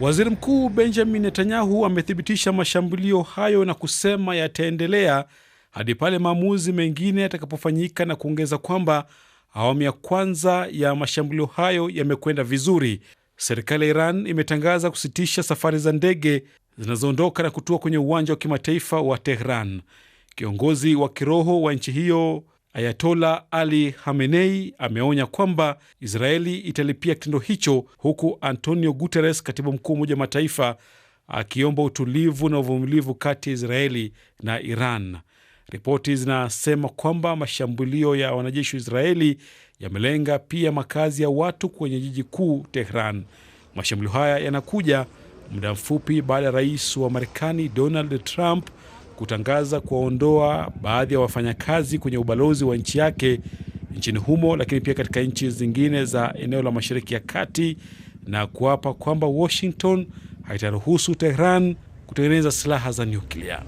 Waziri Mkuu Benjamin Netanyahu amethibitisha mashambulio hayo na kusema yataendelea hadi pale maamuzi mengine yatakapofanyika na kuongeza kwamba awamu ya kwanza ya mashambulio hayo yamekwenda vizuri. Serikali ya Iran imetangaza kusitisha safari za ndege zinazoondoka na kutua kwenye uwanja wa kimataifa wa Tehran. Kiongozi wa kiroho wa nchi hiyo Ayatola Ali Hamenei ameonya kwamba Israeli italipia kitendo hicho, huku Antonio Guterres, katibu mkuu wa Umoja wa Mataifa, akiomba utulivu na uvumilivu kati ya Israeli na Iran. Ripoti zinasema kwamba mashambulio ya wanajeshi wa Israeli yamelenga pia makazi ya watu kwenye jiji kuu Tehran. Mashambulio haya yanakuja muda mfupi baada ya rais wa Marekani Donald Trump kutangaza kuwaondoa baadhi ya wafanyakazi kwenye ubalozi wa nchi yake nchini humo, lakini pia katika nchi zingine za eneo la Mashariki ya Kati na kuapa kwamba Washington haitaruhusu Tehran kutengeneza silaha za nyuklia.